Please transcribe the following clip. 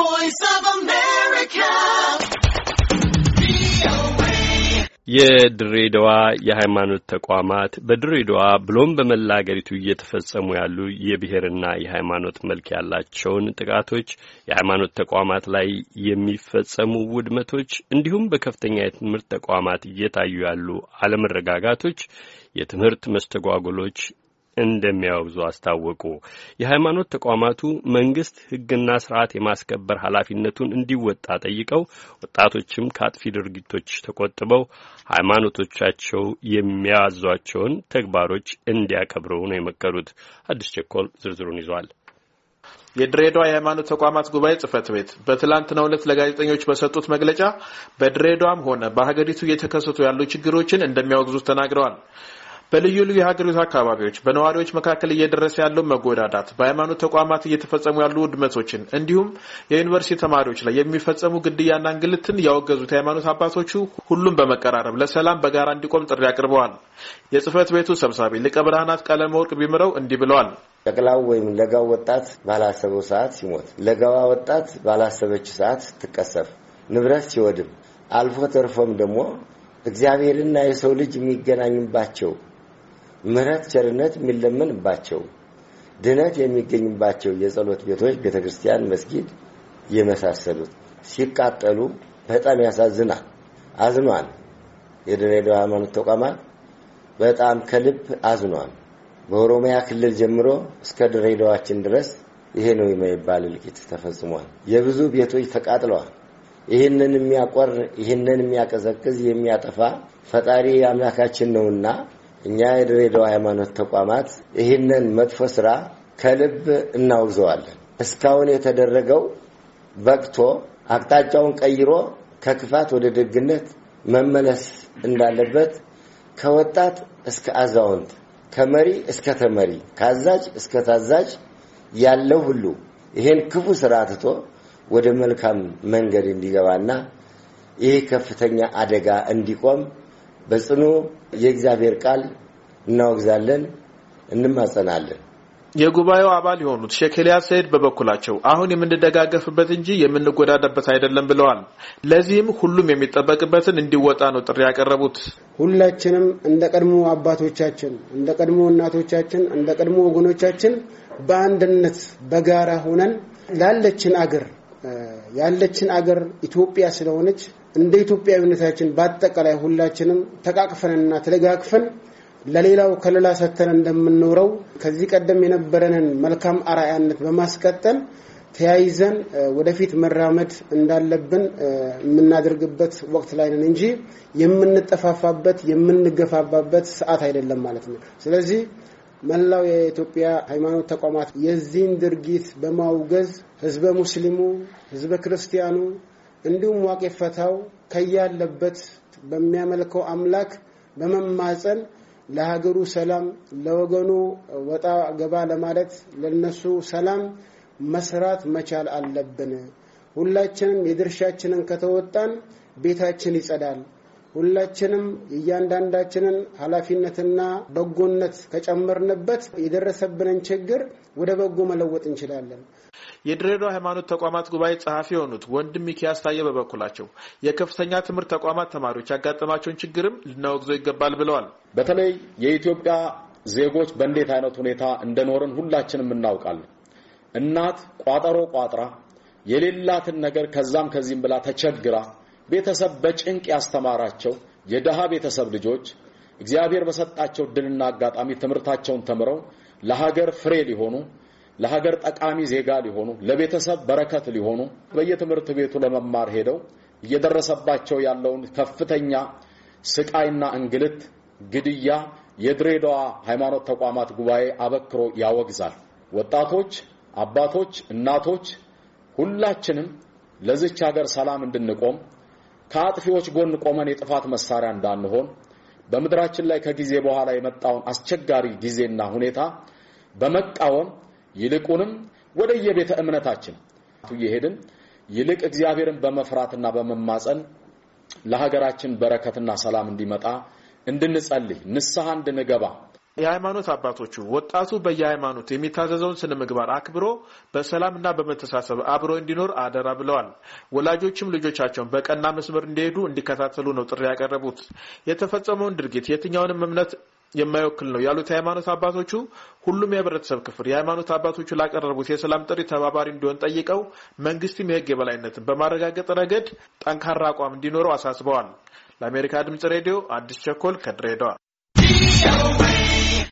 voice of America. የድሬዳዋ የሃይማኖት ተቋማት በድሬዳዋ ብሎም በመላ አገሪቱ እየተፈጸሙ ያሉ የብሔርና የሃይማኖት መልክ ያላቸውን ጥቃቶች፣ የሃይማኖት ተቋማት ላይ የሚፈጸሙ ውድመቶች፣ እንዲሁም በከፍተኛ የትምህርት ተቋማት እየታዩ ያሉ አለመረጋጋቶች፣ የትምህርት መስተጓጎሎች እንደሚያወግዙ አስታወቁ። የሃይማኖት ተቋማቱ መንግስት ህግና ስርዓት የማስከበር ኃላፊነቱን እንዲወጣ ጠይቀው ወጣቶችም ከአጥፊ ድርጊቶች ተቆጥበው ሃይማኖቶቻቸው የሚያዟቸውን ተግባሮች እንዲያከብሩ ነው የመከሩት። አዲስ ቸኮል ዝርዝሩን ይዟል። የድሬዳዋ የሃይማኖት ተቋማት ጉባኤ ጽህፈት ቤት በትላንትናው ዕለት ለጋዜጠኞች በሰጡት መግለጫ በድሬዳዋም ሆነ በሀገሪቱ እየተከሰቱ ያሉ ችግሮችን እንደሚያወግዙት ተናግረዋል። በልዩ ልዩ የሀገሪቱ አካባቢዎች በነዋሪዎች መካከል እየደረሰ ያለው መጎዳዳት፣ በሃይማኖት ተቋማት እየተፈጸሙ ያሉ ውድመቶችን እንዲሁም የዩኒቨርሲቲ ተማሪዎች ላይ የሚፈጸሙ ግድያና እንግልትን ያወገዙት የሃይማኖት አባቶቹ ሁሉም በመቀራረብ ለሰላም በጋራ እንዲቆም ጥሪ አቅርበዋል። የጽህፈት ቤቱ ሰብሳቢ ሊቀ ብርሃናት ቀለመ ወርቅ ቢምረው እንዲህ ብለዋል። ጨቅላው ወይም ለጋው ወጣት ባላሰበው ሰዓት ሲሞት፣ ለጋዋ ወጣት ባላሰበች ሰዓት ትቀሰፍ፣ ንብረት ሲወድም፣ አልፎ ተርፎም ደግሞ እግዚአብሔርና የሰው ልጅ የሚገናኝባቸው ምሕረት፣ ቸርነት የሚለመንባቸው ድነት የሚገኝባቸው የጸሎት ቤቶች ቤተክርስቲያን፣ መስጊድ የመሳሰሉት ሲቃጠሉ በጣም ያሳዝናል። አዝኗል። የድሬዳዋ ሃይማኖት ተቋማት በጣም ከልብ አዝኗል። በኦሮሚያ ክልል ጀምሮ እስከ ድሬዳዋችን ድረስ ይሄ ነው የማይባል እልቂት ተፈጽሟል። የብዙ ቤቶች ተቃጥለዋል። ይህንን የሚያቆር ይህንን የሚያቀዘቅዝ የሚያጠፋ ፈጣሪ አምላካችን ነውና እኛ የድሬዳዋ ሃይማኖት ተቋማት ይህንን መጥፎ ስራ ከልብ እናወግዘዋለን። እስካሁን የተደረገው በቅቶ አቅጣጫውን ቀይሮ ከክፋት ወደ ደግነት መመለስ እንዳለበት ከወጣት እስከ አዛውንት፣ ከመሪ እስከ ተመሪ፣ ከአዛዥ እስከ ታዛዥ ያለው ሁሉ ይሄን ክፉ ስራ ትቶ ወደ መልካም መንገድ እንዲገባና ይህ ከፍተኛ አደጋ እንዲቆም በጽኑ የእግዚአብሔር ቃል እናወግዛለን፣ እንማጸናለን። የጉባኤው አባል የሆኑት ሸክልያ ሰይድ በበኩላቸው አሁን የምንደጋገፍበት እንጂ የምንጎዳደበት አይደለም ብለዋል። ለዚህም ሁሉም የሚጠበቅበትን እንዲወጣ ነው ጥሪ ያቀረቡት። ሁላችንም እንደ ቀድሞ አባቶቻችን፣ እንደ ቀድሞ እናቶቻችን፣ እንደ ቀድሞ ወገኖቻችን በአንድነት በጋራ ሆነን ላለችን አገር ያለችን አገር ኢትዮጵያ ስለሆነች እንደ ኢትዮጵያዊነታችን በአጠቃላይ ሁላችንም ተቃቅፈንና ተደጋግፈን ለሌላው ከለላ ሰጥተን እንደምንኖረው ከዚህ ቀደም የነበረንን መልካም አርአያነት በማስቀጠል ተያይዘን ወደፊት መራመድ እንዳለብን የምናደርግበት ወቅት ላይ ነን እንጂ የምንጠፋፋበት የምንገፋባበት ሰዓት አይደለም ማለት ነው። ስለዚህ መላው የኢትዮጵያ ሃይማኖት ተቋማት የዚህን ድርጊት በማውገዝ ህዝበ ሙስሊሙ፣ ህዝበ ክርስቲያኑ እንዲሁም ዋቄ ፈታው ከያለበት በሚያመልከው አምላክ በመማፀን ለሀገሩ ሰላም ለወገኑ ወጣ ገባ ለማለት ለነሱ ሰላም መስራት መቻል አለብን። ሁላችንም የድርሻችንን ከተወጣን ቤታችን ይጸዳል። ሁላችንም የእያንዳንዳችንን ኃላፊነትና በጎነት ከጨመርንበት የደረሰብንን ችግር ወደ በጎ መለወጥ እንችላለን። የድሬዳዋ ሃይማኖት ተቋማት ጉባኤ ጸሐፊ የሆኑት ወንድም ሚኪያስ ታየ በበኩላቸው የከፍተኛ ትምህርት ተቋማት ተማሪዎች ያጋጠማቸውን ችግርም ልናወግዘው ይገባል ብለዋል። በተለይ የኢትዮጵያ ዜጎች በእንዴት አይነት ሁኔታ እንደኖርን ሁላችንም እናውቃለን። እናት ቋጠሮ ቋጥራ የሌላትን ነገር ከዛም ከዚህም ብላ ተቸግራ ቤተሰብ በጭንቅ ያስተማራቸው የደሃ ቤተሰብ ልጆች እግዚአብሔር በሰጣቸው ድልና አጋጣሚ ትምህርታቸውን ተምረው ለሀገር ፍሬ ሊሆኑ ለሀገር ጠቃሚ ዜጋ ሊሆኑ ለቤተሰብ በረከት ሊሆኑ በየትምህርት ቤቱ ለመማር ሄደው እየደረሰባቸው ያለውን ከፍተኛ ስቃይና እንግልት፣ ግድያ የድሬዳዋ ሃይማኖት ተቋማት ጉባኤ አበክሮ ያወግዛል። ወጣቶች፣ አባቶች፣ እናቶች ሁላችንም ለዚች ሀገር ሰላም እንድንቆም ከአጥፊዎች ጎን ቆመን የጥፋት መሳሪያ እንዳንሆን በምድራችን ላይ ከጊዜ በኋላ የመጣውን አስቸጋሪ ጊዜና ሁኔታ በመቃወም ይልቁንም ወደየቤተ እምነታችን እየሄድን ይልቅ እግዚአብሔርን በመፍራትና በመማፀን ለሀገራችን በረከትና ሰላም እንዲመጣ እንድንጸልይ ንስሐ እንድንገባ የሃይማኖት አባቶቹ ወጣቱ በየሃይማኖት የሚታዘዘውን ስነ ምግባር አክብሮ በሰላምና በመተሳሰብ አብሮ እንዲኖር አደራ ብለዋል። ወላጆችም ልጆቻቸውን በቀና መስመር እንዲሄዱ እንዲከታተሉ ነው ጥሪ ያቀረቡት። የተፈጸመውን ድርጊት የትኛውንም እምነት የማይወክል ነው ያሉት የሃይማኖት አባቶቹ ሁሉም የህብረተሰብ ክፍል የሃይማኖት አባቶቹ ላቀረቡት የሰላም ጥሪ ተባባሪ እንዲሆን ጠይቀው መንግስትም የህግ የበላይነትን በማረጋገጥ ረገድ ጠንካራ አቋም እንዲኖረው አሳስበዋል። ለአሜሪካ ድምጽ ሬዲዮ አዲስ ቸኮል ከድሬዳዋ